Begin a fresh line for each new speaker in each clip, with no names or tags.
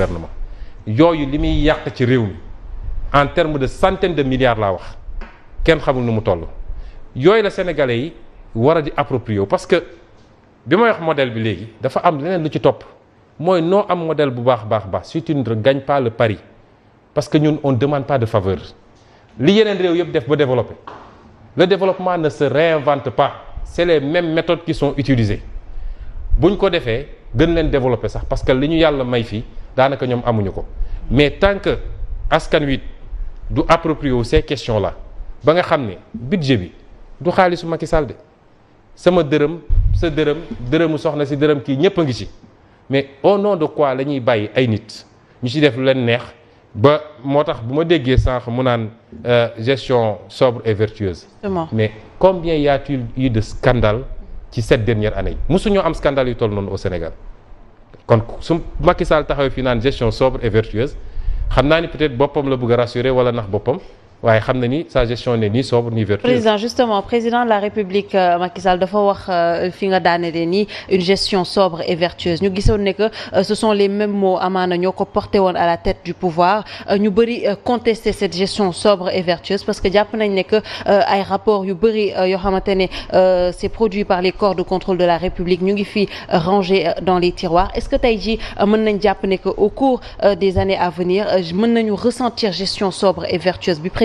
gouvernement yooyu li des milliards ci réew en terme de centaines de milliards la wax kenn xamul nu mu toll Yoy la sénégalais yi wara di approprier parce que bi may wax modèle bi légui dafa am leneen lu ci top. Moy noo am modèle bu baax baax si tu ne gagnes pas le pari parce que ñun on demande pas de faveur li yenen réew yeb def ba développer le développement ne se réinvente pas c'est les mêmes méthodes qui sont utilisées bu ñu ko defee gën développer ça parce que les ñu le may danaka ñom amuñu ko mais tant que askan wi du approprier ces questions là ba nga xamné budget bi du xaalisu Macky Sall de sama deureum sa deureum deureum soxna ci deureum ki ñëpp ngi ci mais au nom de quoi lañuy ñuy ay nit ñu ci def lu leen neex ba motax buma déggé ma mu euh, gestion sobre et vertueuse. mais combien y a-t-il eu de scandales ci cette dernière année yi mosuñoo am scandale yu toll non au Sénégal kon su Macky Sall taxawee fii naan gestion sobre et vertueuse xam ni peut-être boppam la bëgg a rassurer wala nax boppam waaye xam ni sa gestion ni sobre ni vertueuse. président
justement président de la république euh, Macky Sall dafa wax euh, fi nga daanelee ni une gestion sobre et vertueuse ñu gisoon que euh, ce sont les mêmes mots amaana ñoo ko porté à la tête du pouvoir ñu bëri contester cette gestion sobre et vertueuse parce que jàpp nañ ne que ay rapports yu bëri yoo xamante ne c'est produit par les corps de contrôle de la république ñu ngi fi rangé dans les tiroirs est-ce que tu ji mën nañ jàpp ne que au cours des années à venir mën nañu ressentir gestion sobre et vertueuse bi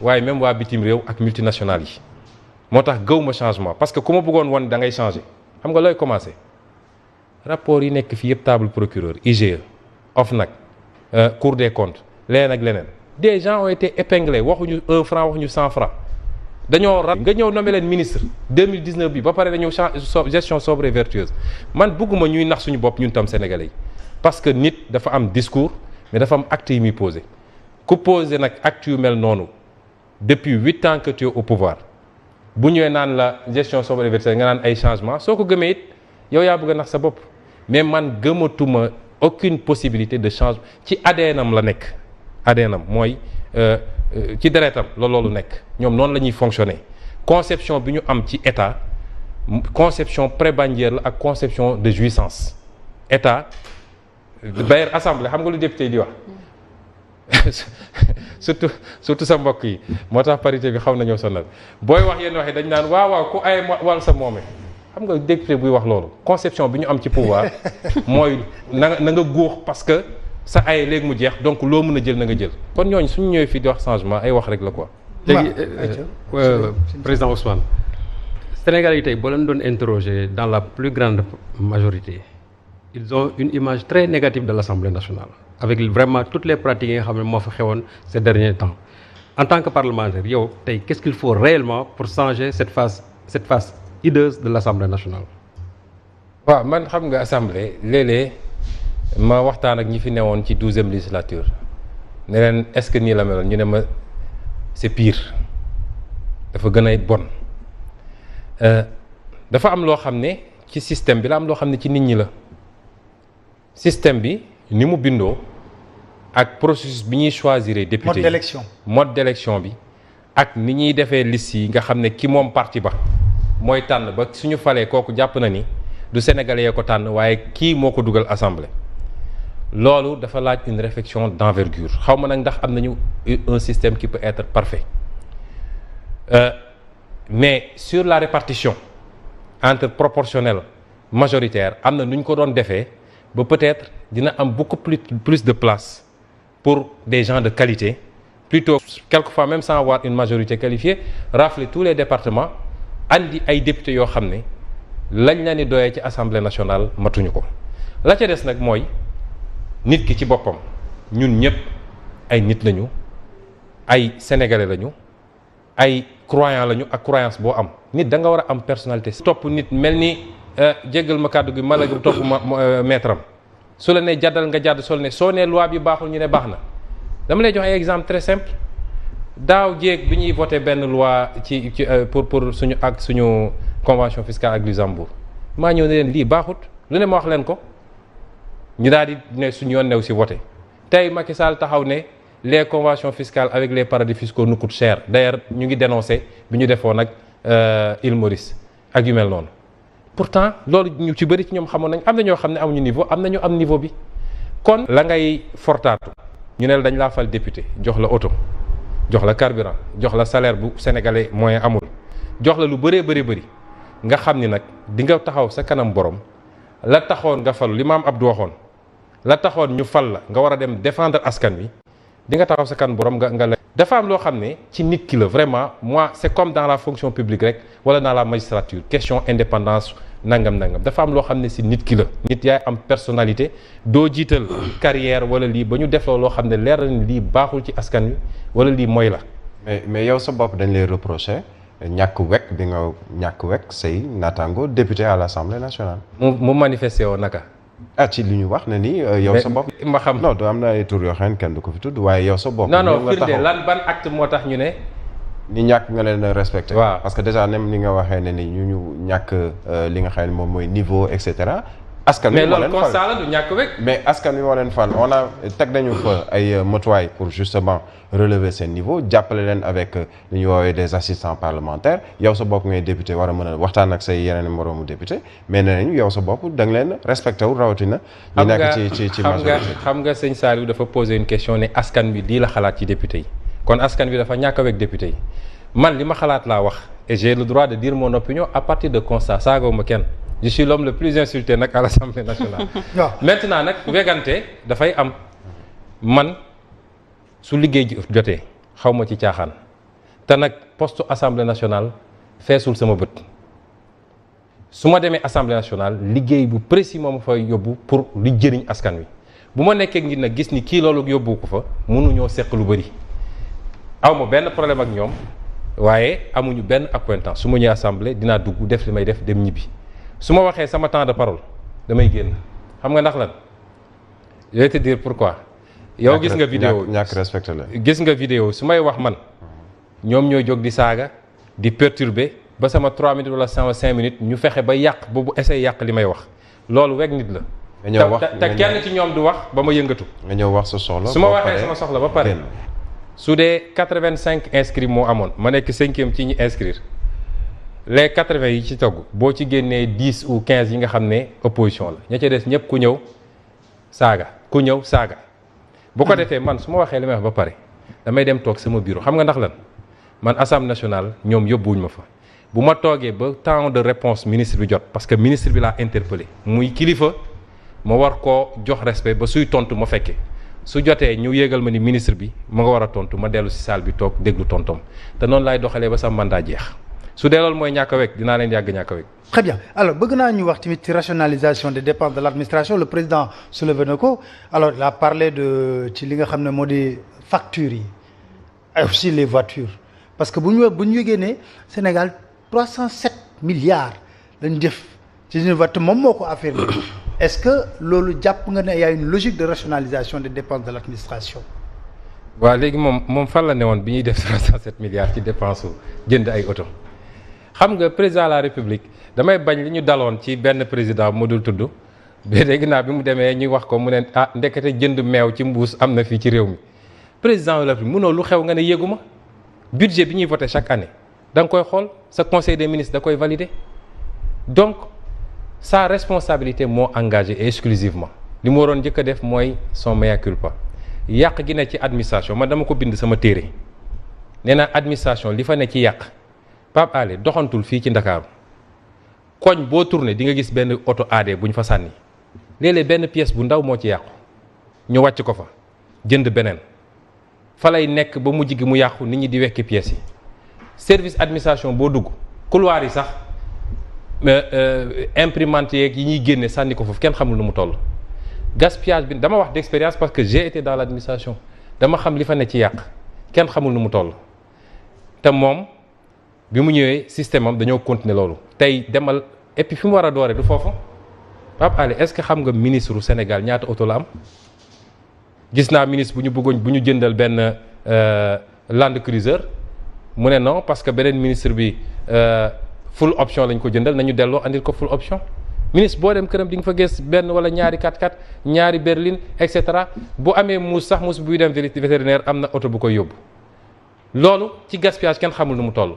waaye même waa bitim réew ak multinational yi moo tax ma changement parce que comment ma bëggoon da ngay changer xam nga looy commencer rapport yi nekk fii yëpp table procureur IGE OFNAC euh, Cour des comptes leneen ak leneen des gens ont été épinglés waxuñu un franc waxuñu 100 franc dañoo rat nga ñëw nommé leen ministre 2019 bi ba pare une gestion sobre et vertueuse man bugguma ñuy nax suñu bopp ñun tam sénégalais parce que nit dafa un discours mais dafa am acte yi muy posé ku posé nag acte yu mel noonu depuis 8 ans que tu es au pouvoir bu ñëwee naan la gestion sobre universelle nga naan ay changement soo ko gëmee it yow yaa bëgg a nax sa bopp mais man gëmatuma aucune possibilité de changement ci ADNam la nekk ADNam mooy euh, euh, ci deretam la loolu nekk ñoom noonu la ñuy fonctionner conception bi ñu am ci état conception prébandière la ak conception de jouissance état d'ailleurs assemblée xam nga lu député di wax surtout surtout sa mbokk yi moo tax parité bi xaw nañoo sonal booy wax yenn dañ naan waaw waaw ku ay wal sa moome xam nga député buy wax conception bi ñu am ci pouvoir mooy nga góox parce que sa ay léegi mu jeex donc loo mën jël nga jël kon ñooñu suñu ñëwee fii di wax changement ay wax rek la quoi. Euh, président Ousmane Sénégal tey boo leen dans la plus grande majorité ils ont une image très négative de l'Assemblée nationale avec vraiment toutes les pratiques qui ont xam ces derniers temps en tant que parlementaire qu'est-ce qu'il faut réellement pour changer cette face cette hideuse de l'Assemblée nationale. Moi, man xam nga assemblée l'élé, léeg ma waxtaan ak ñi fi la ci e législature est-ce que ni la ñu ma c'est pire Il faut a bon euh, dafa am loo xam le système bi la am système bi ni mu bindo ak processus bi ni choisir député mode d'élection mode d'élection bi ak ni vous défé liste yi nga ki parti ba moy tan ba suñu falé na ni du sénégalais ko tan assemblée une réflexion d'envergure xawma un système qui peut être parfait euh, mais sur la répartition entre proportionnel majoritaire nous nuñ avons ko peut-être y am beaucoup plus plus de place pour des gens de qualité plutôt quelquefois même sans avoir une majorité qualifiée rafler tous les départements andi ay députés yo xamné lañ la ni ci assemblée nationale matuñu ko la ci dess nak moy nit ki ci tous ñun ñep ay nit lañu ay sénégalais lañu ay croyants lañu ak croyance bo am nit da nga wara am personnalité. nit mel djegal euh, ma kaddu gi malagu top topp ma euh, maître am su la nee jàddal nga jàdd sol ne soo nee loi bi baxul ñu ne baxna dama lay jox ay exemple très simple daw djeg bi ñuy voté benn loi ci euh, pour pour suñu ak suñu convention fiscale ak Luxembourg ma ñu ne leen lii baaxut lu ne ma wax len ko ñu daal di ne suñu yoon new si voté tey Macky Sall taxaw ne les conventions fiscales avec les paradis fiscaux nous coûtent cher d'ailleurs ñu ngi dénoncer bi ñu nak euh il Maurice ak yu mel noonu pourtant loolu ñu ci bëri ci ñoom xamoon nañ am na ñoo xam ne amuñu niveau am na ñu am niveau bi kon la ngay fortaatu ñu ne la dañ laa fal député jox la oto jox la carburant jox la salaire bu sénégalais moyen amul jox la lu bëree bëri bëri nga xam ni nag di nga taxaw sa kanam boroom la taxoon nga falu li maam Abdou waxoon la taxoon ñu fal la nga war a dem défendre askan wi di taxaw sa kanam borom nga nga dafa am loo xam ci nit ki vraiment moi c'est comme dans la fonction publique rek wala dans la magistrature question indépendance nangam nangam dafa am loo xam ne nit ki le. nit yaay am personnalité doo jiital carrière wala li, bonjour, de def loo xam ne leer na lii
voilà, ci askan wi wala la. mais mais yow sa aussi dañ lay reprocher ñàkk wekk bi nga ñàkk député à l'Assemblée nationale. mu mu manifesté woon naka. ah ci li ñu wax na ni euh, yow sa bopp. ma xam non am na ay tur yoo xam kenn du ko fi tudd waaye yow sa bopp. non non lan
ban acte moo tax ñu ne.
ni ñàkk nga leen respecté. waaw parce que déjà même ni nga waxee ne ni ñu ñu ñàkk euh, li nga xam ne moom mooy niveau et cetera. mais mais askan on a fait euh, pour justement relever ce niveau jàppale avec euh, des assistants parlementaires Il y a aussi député de députés, mais nañu yow sa des leen ont été rawatina.
ci ci poser une question askan députés. la des député askan bi avec député députés. ma et j'ai le droit de dire mon opinion à partir de constat je suis l'homme le plus insulté nak, à l'Assemblée nationale. maintenant véganté, da fay am man su liggéey jotee xaw ma ci tiaxan. Té nak poste assemblée nationale feesul sama bët Suma démé assemblée nationale liggéey bu précis mom fay yobbu pour li jëriñ askan wi bu ma nekkee nit nag gis ni kii loolu yóbbu ko fa mënuñoo seq lu bari. aw ben problème ak ñom. waaye amuñu benn accointance su ma ñëwee assemblée dinaa dugg def li may def dem ñibbi. suma ma sama temps de parole damay génn xam nga ndax lan je vais te dire pourquoi. yow gis nga vidéo ñak respecté la gis nga vidéo su wax man ñom ñoy jog di saga di perturber ba sama 3 minutes wala 5 minutes ñu fexé ba yaq ba bu essayé yaq limay wax loolu wék nit la. ñeu wax ta kenn ci ñom du wax ba ma yëngatu. nga ñëw wax sa soxla suma ma sama soxla ba paré soudé 85 inscrits mo amone ma nek 5e ci ñi inscrire. les 80, ci togg bo ou 15 yi nga xamné opposition la ñi ca des ñep ku ñew saga, ku ñew saga bu ko man wax ba dem sama bureau xam nga ndax lan man assemblée nationale ñom Vous fa. bu ma toggé ba de réponse ministre bi jot parce que ministre bi interpellé muy kilifa ma war ko jox respect ba suy tontu ma féké su joté ñu yégal ma ministre bi ma nga tontu ma salle bi déglu tontom mandat très
bien alors si vous ñu wax rationalisation des dépenses de l'administration. le président Soulevenoko alors a parlé de ci factures et aussi les voitures parce que si vous bu Sénégal 307 milliards de def C'est une voiture qui
est ce que vous y a une logique de rationalisation des dépenses de l'administration Oui, c'est léegi la 307 milliards ci dépenses jënd ay xam nga président de la république damay bañ li ñu daloon ci benn président mu dul tudd ba dégg naa bi mu demee ñu wax ko mu ne ah ndekete jënd meew ci mbuus am na fii ci réew mi président de la république munoo lu xew nga ne yéeguma budget bi ñuy voté chaque année da koy xool sa conseil des ministres da koy valider donc sa responsabilité moo engagé exclusivement li mu waroon njëkk a def mooy son mea culpa yàq gi ne ci administration man dama ko bind sama téere nee naa administration li fa ne ci yàq Pape Alé doxantul fii ci Ndakaaru koñ boo tourné di nga gis benn oto aade bu ñu fa sànni léeg benn pièce bu ndaw moo ci yàqu ñu wàcc ko fa jënd beneen fa lay nekk ba mu jiggi mu yàqu nit ñi di wekki pièces yi service administration boo dugg couloir yi sax euh, euh, imprimante yeeg yi ñuy génne sànni ko foofu kenn xamul nu mu toll gaspillage bi dama wax d'expérience parce que j'ai été dans l'administration dama xam li fa ne ci yàq kenn xamul nu mu toll te moom bi mu ñëwee système am dañoo continuer loolu tey demal et puis fi mu war a dooree du foofu Pape Alé est-ce que xam nga ministre u Sénégal ñaata oto la gis naa ministre bu ñu bëggoon bu ñu jëndal benn euh, Land Cruiser mu ne non parce que beneen ministre bi euh, full option lañ ko jëndal nañu delloo andil ko full option ministre boo dem këram di nga fa gis benn wala ñaari 4 x ñaari berline et cetera bu amee muus sax muus buy dem vétérinaire am na oto bu koy yóbbu loolu ci gaspillage kenn xamul nu mu toll.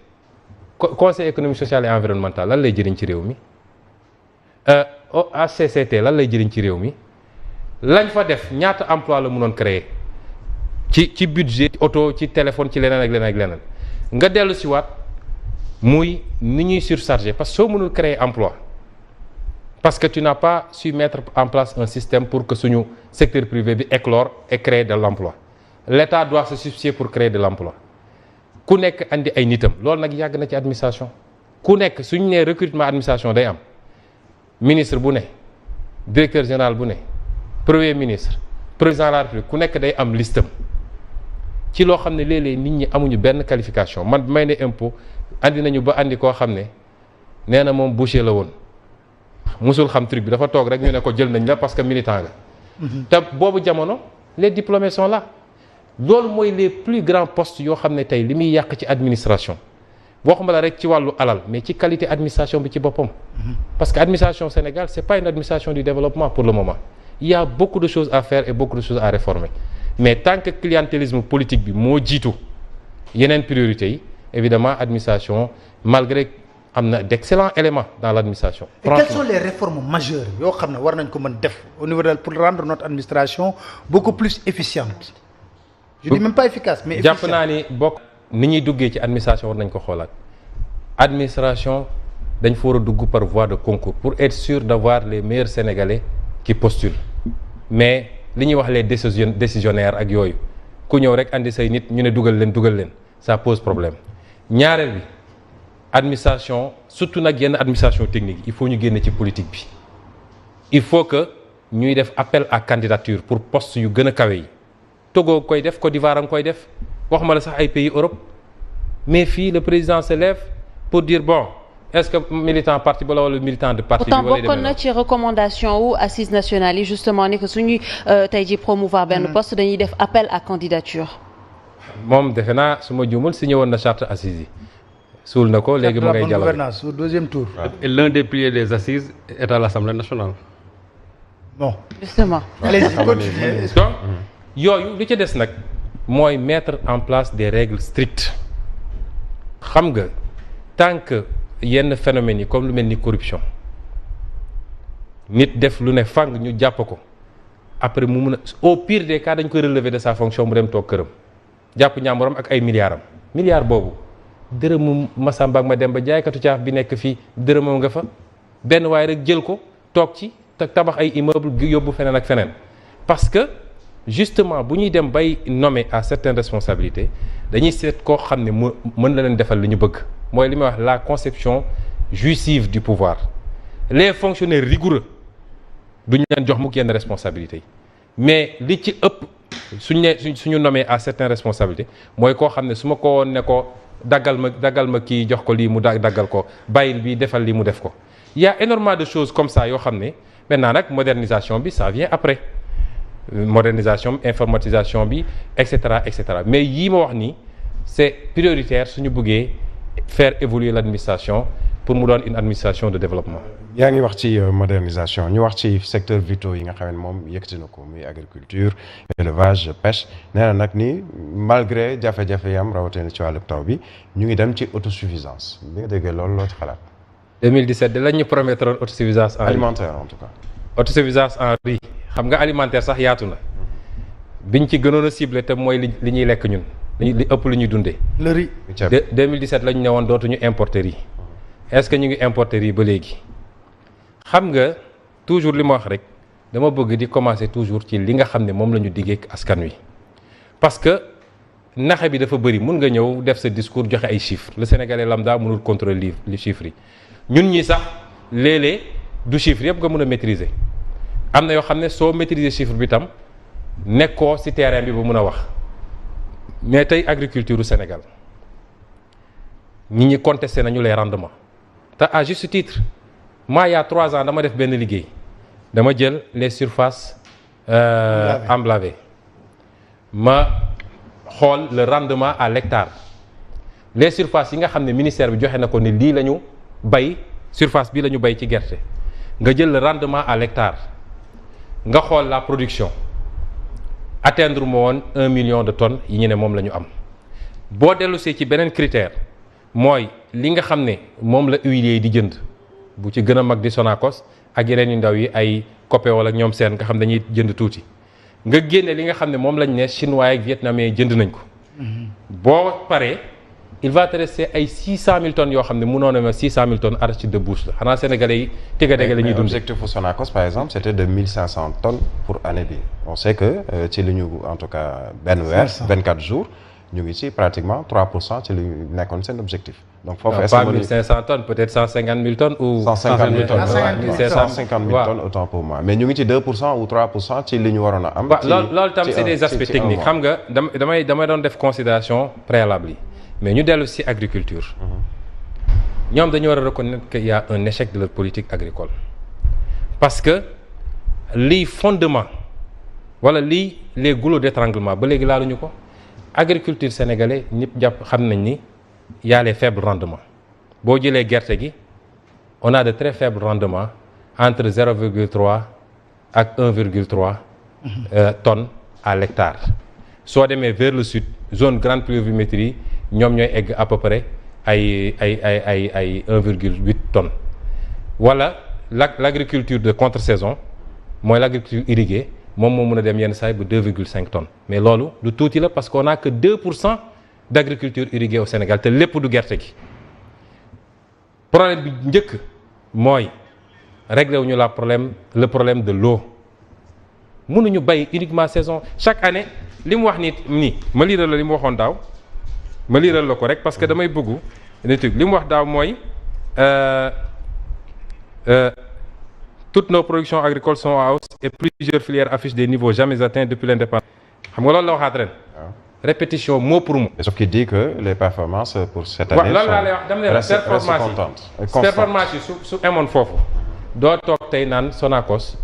conseil économique social et environnemental lan lay jëriñ ci réew mi HCCT euh, lan lay jëriñ ci réew mi lañ fa def emploi la monde créer ci ci budget auto ci téléphone ci qui ak qui ak leneen nga dellu si waat muy nous sommes parce que nous mënul créer emploi parce que tu n'as pas su mettre en place un système pour que suñu secteur privé éclore et créer de l'emploi l'État doit se substituer pour créer de l'emploi ku nekk andi ay nitam loolu nag yàgg na ci administration ku nekk suñu nee recrutement administration day am ministre bu ne directeur général bu ne premier ministre président la république ku nekk day am listam ci loo xam ne léeg-léeg nit ñi amuñu benn qualification man bi may ne impôt andi nañu ba andi koo xam ne nee na moom boucher la woon musul xam truc bi dafa toog rek ñu ne ko jël nañ la parce que militant nga mhm. te boobu jamono les diplômés sont Ce sont les plus grands postes Il y a l'administration. Je ci administration waxuma la rek ci mais qualité administration parce que l'administration administration Sénégal n'est pas une administration du développement pour le moment il y a beaucoup de choses à faire et beaucoup de choses à réformer mais tant que le clientélisme politique il y a une priorité évidemment l'administration, malgré d'excellents éléments dans l'administration. quelles sont les réformes majeures au niveau pour rendre notre administration beaucoup plus efficiente
je dis même pas efficace mais efficace.
Je pense que si nous ci administration l'administration, nañ ko administration dañ par voie de concours pour être sûr d'avoir les meilleurs sénégalais qui postulent mais li ñuy wax les décisionnaires ak les ku ñëw rek andi say nit ñu ne dugal leen ça pose problème ñaareel bi administration surtout nag yenn administration technique il faut ñu génne ci politique il faut que ñuy def appel à candidature pour poste yu postes Togo koy def Côte d'Ivoire koy def waxuma la sax ay pays Europe mais fi le président se lève pour dire bon est-ce que militant parti ou le wala militant de parti. pourtant bokkoon na
ci recommandation ou assises nationales justement ni que suñuy euh, tey ji promouvoir ben poste dañuy def appel à candidature.
mom defena suma que nous signé woon na charte assise. sul nako na ko léegi mu
gouvernance. au deuxième tour.
et l'un des piliers des assises est à l'Assemblée nationale.
bon. justement allez-y ah, continuez
yooyu li ci des nag mooy mettre en place des règles strictes xam nga tant que yenn phénomènes yi comme lu mel ni corruption nit def lu ne fang ñu jàpp ko après mu mun a au pire des cas dañ koy relever de sa fonction mu dem toog këram jàpp ñaamuram ak ay milliards am milliard boobu dërëmu Massamba ak Mademba jaaykatu caaf bi nekk fii dërëmam nga fa benn waaye rek jël ko toog ci te tabax ay immeuble yóbbu feneen ak feneen parce que justement bu dem bay nommé à certaines responsabilités dañuy seet ko xamné ne mu mën na leen defal li ñu bëgg moy li wax la conception jouissive du pouvoir les fonctionnaires rigoureux duñu leen jox mu kenn responsabilités mais li ci ëpp suñu suñu nommé à certaines responsabilités moy ko xamné suma ko won ne ko dagal ma dagal ma ki jox ko li mu dagal ko bayil bi defal li mu def ko y a énormément de choses comme ça yo xamné maintenant nak modernisation bi ça vient après modernisation informatisation etc. etc. mais ce ma wax c'est prioritaire suñu faire évoluer l'administration pour nous donner une administration de développement.
y y wax ci euh, modernisation ñu wax ci secteur vitaux yi nga a ne moom agriculture élevage pêche Mais na ni malgré jafe-jafe yi am rawatina ci wàllu taw bi ñu ngi dem ci autosuffisance bi de quel loolu 2017 nous promettons nous autosuffisance alimentaire en tout cas.
autosuffisance en riz. xam nga alimentaire sax yaatu na biñ ci gënoon cible ciblé te mooy li li ñuy lekk ñun li ëpp lu ñuy dundee. le riz. 2017 lañu ne woon dootuñu importer riz est-ce que ñu ngi importer riz ba léegi xam nga toujours li ma wax rek dama bëgg di commencer toujours ci li nga xam ne moom la ñu diggee askan wi parce que naxe bi dafa bëri mun nga ñëw def sa discours joxe ay chiffres le sénégalais lambda mënul contrôler li chiffres yi ñun ñi sax léeg du chiffres yëpp nga mën a maîtriser. amna yo xamné so maîtriser chiffre bi tam nekkoo ci terrain bi bu mun wax mais tay agriculture du Sénégal nit ñi contester nañu les rendements ta à juste titre ma ya 3 ans dama def ben liguey dama jël les surfaces euh, amblavé ma xol le rendement à l'hectare les surfaces yi nga xamné ministère bi joxe nako ni li lañu bay surface bi lañu bay ci guerte nga jël le rendement à l'hectare nga xool la production atteindre ma woon un million de tonnes yi ñu ne moom la ñu am boo dellusee ci beneen critère mooy li nga xam ne moom la huiliers yi di jënd bu ci gën a mag di Sonacos ak yeneen yu ndaw yi ay Copé wala ñoom seen nga xam dañuy jënd tuuti nga génne li nga xam ne moom lañ ne chinois ak vietnamien jënd nañ ko mm-hmm. boo paree il va rester 600 000 tonnes yo xamné ne na 600 600000 tonnes de bouche la sénégalais yi dund. objectif Sonacos par exemple c'était
de de 1500 tonnes pour année bi on sait que euh, ci en tout cas ben 24 jours ñu ngi ci pratiquement 3 de l'objectif. ci li 500 objectif. donc
tonnes peut être 150 000 tonnes ou. 000 tonnes 150 000 tonnes
autant pour moi mais ñu ngi ci 2 ou 3 de ci li ñu des aspects techniques xam
nga damay damay don def considération
préalable mais nous devons aussi agriculture
Nous mhm. devons reconnaître qu'il y a un échec de leur politique agricole parce que les fondements, les goulots d'étranglement l'agriculture sénégalaise, il y a les faibles rendements Si on a de très faibles rendements entre 0,3 et 1,3 tonnes à l'hectare Soit vers le sud zone grande pluviométrie ñom ñoy egg à peu près ay ay ay ay 1,8 tonnes Voilà l'agriculture de contre saison moy l'agriculture irriguée mom mo mën yenn 2,5 tonnes mais lolu tout touti la parce qu'on a que 2 d'agriculture irriguée au Sénégal té lépp du guerre. Le problème bi nous moy réglé la problème le problème de l'eau mënuñu bay uniquement saison chaque année nous wax nit ni ma la ma liiral la ko rek parce que damay bëgg étude li mu wax daaw mooy euh, euh, toutes nos productions agricoles sont en hausse et plusieurs filières affichent des niveaux jamais atteints depuis l'indépendance xam nga loolu la waxaat ren.
répétition mot pour mot. mais sauf qu'il dit que les performances pour cette année. waaw loolu laa lay wax dama lay la performance yi performance
yi su su amoon foofu. doo toog tey naan Sonacos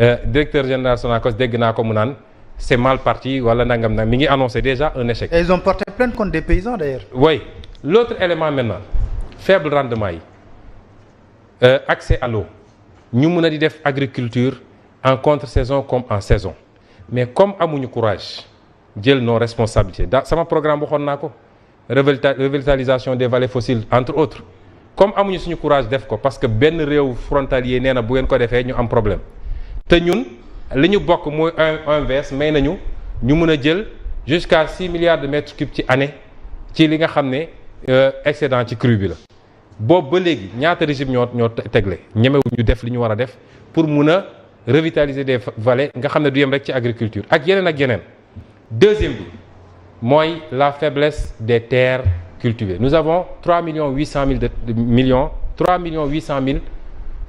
euh, directeur général Sonacos dégg naa ko mu naan c'est mal parti wala nangam annoncé déjà un échec. ils
ont porté plainte contre des paysans d'ailleurs.
oui l'autre élément maintenant faible rendement euh, accès à l'eau Nous, avons a agriculture en contre-saison comme en saison mais comme le courage jël nos responsabilités dans mon programme la naa revitalisation des vallées fossiles entre autres comme amuñu suñu courage parce que benn réew frontalier nee un problème te li ñu bokk mooy inverse may nañu ñu mën a jël jusqu'à 6 milliards de mètres cubes ci année ci li nga xam ne euh, excédent ci crue bi la boobu ba léegi ñaata régime ñoo ñoo tegle ñemewu ñu def li ñu def pour mun revitaliser des vallées nga xam ne du yem rek ci agriculture ak yeneen ak yeneen deuxième bi la faiblesse des terres cultivées nous avons 3 800 000, de millions 3 800 000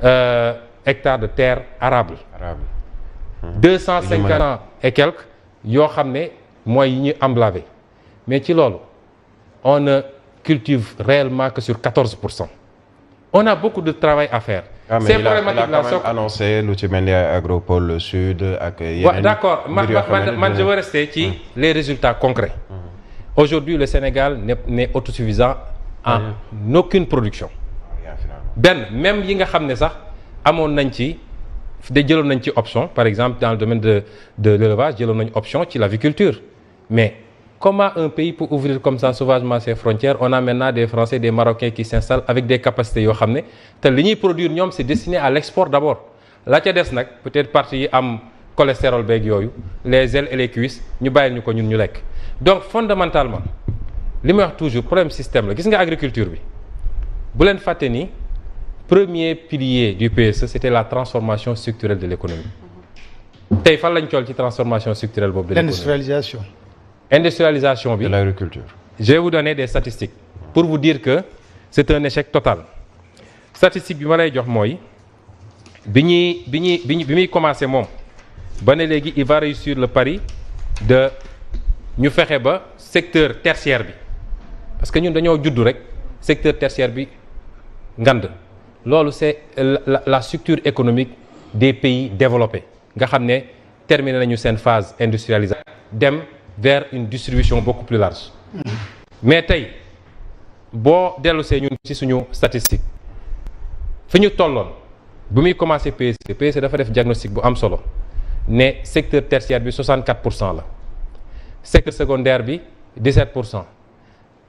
euh, hectares de terres arables. arables. 250 ans et quelques yoo ont que mooy yi mais ci loolu on ne cultive réellement que sur 14% on a beaucoup de travail à faire. Ah, C'est problématique problématique. là
annoncé Nous ci à Agropole Sud D'accord D'accord. je veux
rester sur hmm. les résultats concrets.
Hmm.
aujourd'hui le Sénégal N'est autosuffisant en ah, aucune production. Ben même yi nga xam ne sax amoon nañ ci de jëloon ci option par exemple dans le domaine de de l'élevage a une option ci l'aviculture mais comment un pays peut ouvrir comme ça sauvagement ses frontières on a maintenant des Français des Marocains qui s'installent avec des capacités yoo xam ne te li produire c'est destiné à l'export d'abord la ca des snacks peut-être partie yi am cholestérol les ailes et les cuisses nous ne nous pas ñun ñu donc fondamentalement li toujours problème système la gis nga agriculture bi bu leen fait ni premier pilier du PSE c'était la transformation structurelle de l'économie tey fan lañ transformation structurelle Industrialisation. de l'industrialisation industrialisation de l'agriculture je vais vous donner des statistiques pour vous dire que c'est un échec total statistique bi ma lay jox commencé il va réussir le pari de faire faire secteur tertiaire parce que nous avons judd rek secteur tertiaire bi c'est la structure économique des pays développés nga xamné terminé nañu phase industrialisation dem vers une distribution beaucoup plus large mais tay nous avons une ñun ci suñu statistique Fiñu nous avons bu mi commencé le PSE dafa def diagnostic bu am solo ne secteur tertiaire bi 64 le secteur secondaire bi 17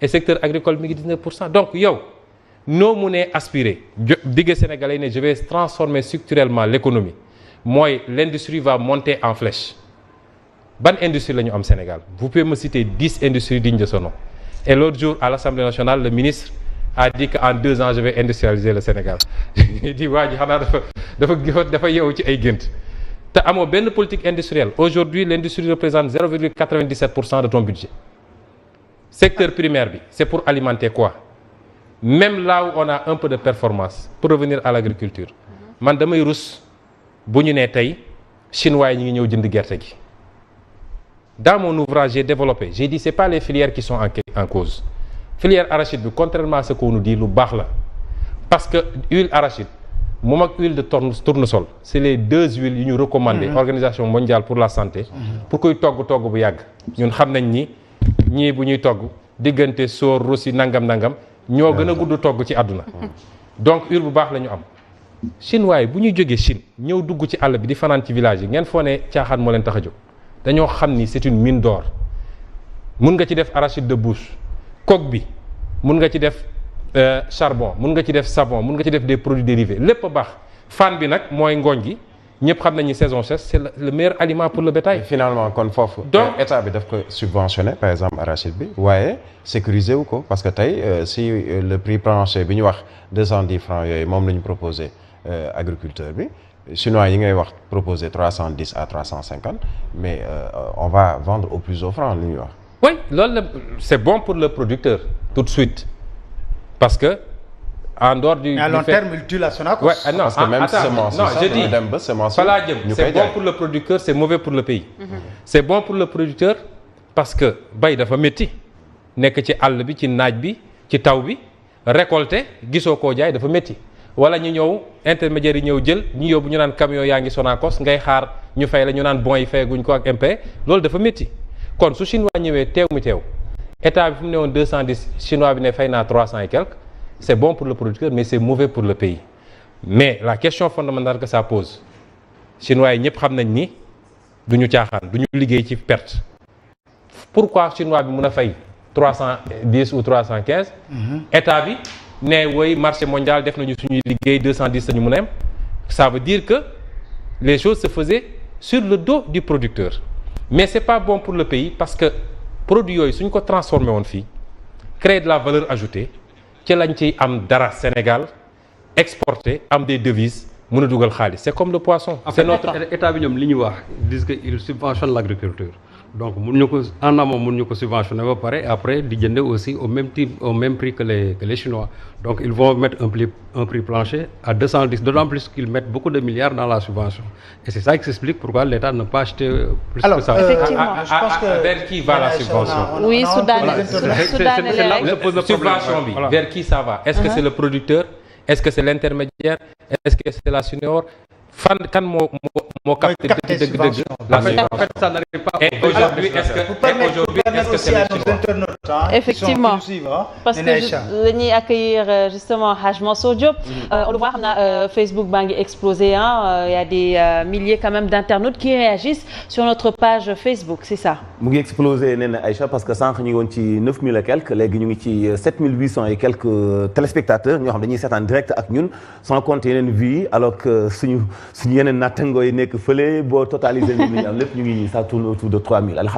et secteur agricole 19 donc yow monnaies mune aspirer digue Sénégalais je vais transformer structurellement l'économie Moi, l'industrie va monter en flèche ban industrie lañu am Sénégal vous pouvez me citer 10 industries dignes de ce nom et l'autre jour à l'Assemblée nationale le ministre a dit qu'en deux ans je vais industrialiser le Sénégal Il dit dit il dafa dafa dafa yow ci ay politique industrielle aujourd'hui l'industrie représente 0,97 de ton budget secteur primaire c'est pour alimenter quoi même là où on a un peu de performance pour revenir à l'agriculture man damay rus bu si chinois yi ñu jënd dans mon ouvrage j'ai développé j'ai dit que ce c'est pas les filières qui sont en cause filière arachide contrairement à ce qu'on nous dit lu baax parce que l'huile arachide huile de tournesol c'est les deux huiles yu ñu recommandé mm-hmm. organisation mondiale pour la santé pour que togg togg bu yàgg ñun xam nañ ñii bu ñuy togg diggante sóor russi nangam nangam ñoo gën a gudd togg ci àdduna donc ur bu baax la ñu am chinois yi bu ñuy jógee Chine ñëw dugg ci àll bi di fanaan ci village yi ngeen foo ne caaxaan moo leen tax a jóg dañoo xam ni c'est une mine d'or mun nga ci def arachide de bouche coke bi mun nga ci def euh, charbon mun nga ci def sabon mun nga ci def des produits dérivés lépp a baax fan bi nag mooy ngooñ gi ñëpp xam nañu saison sèche c'est le meilleur aliment
pour le bétail. finalement kon foofu. Euh, donc état bi daf ko subventionné par exemple arachide bi waaye sécuriser ou ko parce que euh, si euh, le prix plancher bi ñu wax francs yooyu moom la ñu proposé agriculteur bi chinois yi ngay wax proposé à 350 mais on va vendre au plus offrant li oui c'est bon pour
le producteur tout de suite parce que en dehors du. Mais à long fait... terme, il tue la
Sonacos. Ouais, ah non, parce que ah, même attends, semence, non, je dis, c'est bon pour
le producteur, c'est mauvais pour le pays. Mm -hmm. C'est bon pour le producteur parce que bay dafa metti nek ci all bi ci naaj bi ci taw bi récolter gissoko koo jaay dafa metti wala ñu ñew intermédiaire ñew jël ñu yobu ñu naan camion yaangi Sonacos ngay xaar ñu fay la ñu naan bon yi fayaguñ ko ak MP loolu dafa metti kon su chinois ñewé teew mi teew état bi fu néwon 210 chinois bi né fay naa 300 et quelque c'est bon pour le producteur, mais c'est mauvais pour le pays. Mais la question fondamentale que ça pose, Chinois ne ñëpp pas ni du ñu caaxaan liggéey ci perte pourquoi Chinois bi peuvent pas fay 310 ou 315 Et à état bi ne marché mondial def nañu suñuy liggéey 210, cent dix ça veut dire que les choses se faisaient sur le dos du producteur mais c'est pas bon pour le pays parce que produit si suñ ko transformé fille, créer de la valeur ajoutée ci lañ ciy am dara Sénégal exporter am des devises c'est comme le poisson. c'est notre état bi ñoom disent que il subventionne l'agriculture donc en amont nous ñu ko subventionné ba pareil. après di jënde aussi au même type au même prix que les chinois donc ils vont mettre un prix plancher à 210 d'autant plus qu'ils mettent beaucoup de milliards dans la subvention et c'est ça qui s'explique pourquoi l'État n'a pas acheté euh, plus que ça. Euh, effectivement je pense que vers qui va la subvention. oui Soudan, C'est là où pose le problème subvention vers qui ça va. est-ce que uh-huh. c'est le producteur est-ce que c'est l'intermédiaire est-ce que c'est la senior fan kan moo moo moo capté dëgg de la en fait ça n'arrive pas et aujourd'hui est-ce que aujourd'hui est-ce que c'est internautes hein, effectivement
hein, parce que dañuy accueillir euh, justement Haj Mansour Diop mm-hmm. euh, on le voit xam naa euh, Facebook baa explosé hein il y a des milliers quand même d'internautes qui réagissent sur notre page Facebook c'est ça
mu ngi explosé Aïcha parce que ça a ngi ci 9000 et quelques léegi ñu ngi ci 7800 et quelques téléspectateurs Nous xam dañuy certains direct ak ñun sans compter yeneen vie alors que suñu suñu yeneen nattangoo yi nekk fële boo totalisé li ñu am lépp ngi ça tourne autour de 3000 alhamdulilah